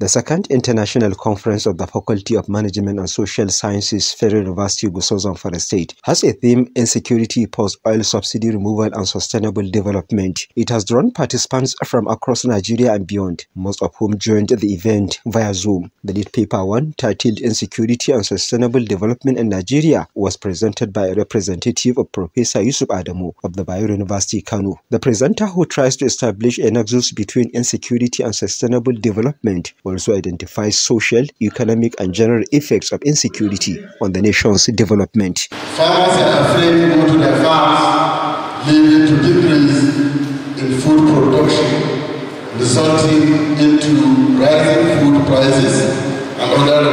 The second International Conference of the Faculty of Management and Social Sciences, Federal University Gusosan Forest State, has a theme Insecurity Post Oil Subsidy Removal and Sustainable Development. It has drawn participants from across Nigeria and beyond, most of whom joined the event via Zoom. The lead paper one, titled Insecurity and Sustainable Development in Nigeria, was presented by a representative of Professor Yusuf Adamu of the Bayer University, Kanu. The presenter, who tries to establish a nexus between insecurity and sustainable development, will also identify social, economic, and general effects of insecurity on the nation's development. Farmers are afraid to go to their farms, leading to decrease in food production, resulting into rising food prices and other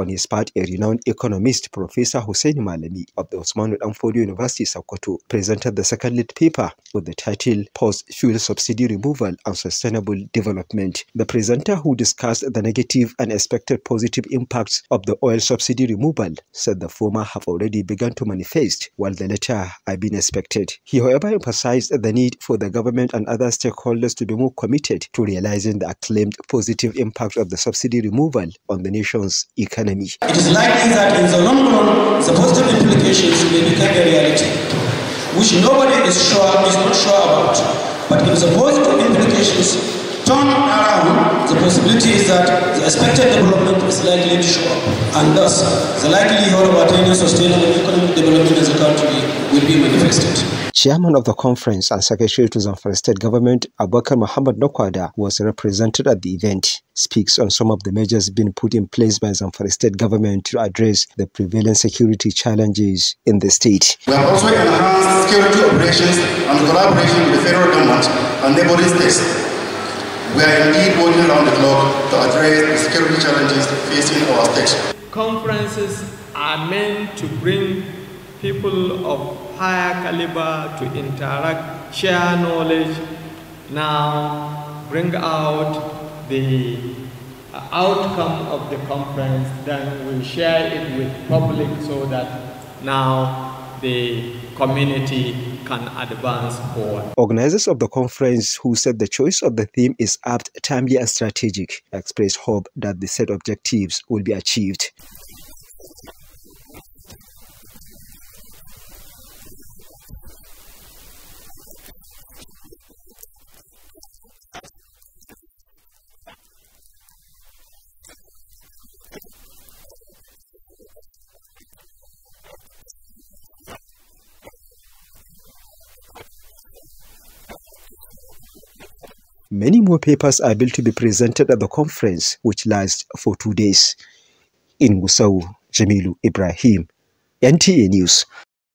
on his part, a renowned economist, Professor Hussein Malami of the Osman Danfodio University, Sokoto, presented the second lead paper with the title Post-Fuel Subsidy Removal and Sustainable Development. The presenter, who discussed the negative and expected positive impacts of the oil subsidy removal, said the former have already begun to manifest, while the latter are being expected. He, however, emphasized the need for the government and other stakeholders to be more committed to realizing the acclaimed positive impact of the subsidy removal on the nation's economy. It is likely that in the long run, the positive implications may become a reality, which nobody is sure is not sure about. But if the positive implications turn around, the possibility is that the expected development is likely to show up, and thus the likelihood of attaining sustainable economic development in the country will be manifested. Chairman of the conference and Secretary to Zamfara State Government, Abubakar Muhammad Nokwada, was represented at the event. Speaks on some of the measures being put in place by Zamfara State Government to address the prevailing security challenges in the state. We have also enhanced security operations and collaboration with the federal government and neighboring states. We are indeed working around the clock to address the security challenges facing our state. Conferences are meant to bring people of higher caliber to interact, share knowledge, now bring out the uh, outcome of the conference, then we share it with public so that now the community can advance forward. Organizers of the conference, who said the choice of the theme is apt, timely and strategic, expressed hope that the set objectives will be achieved. Many more papers are built to be presented at the conference, which lasts for two days. In Gusau, Jamilu Ibrahim, NTA News.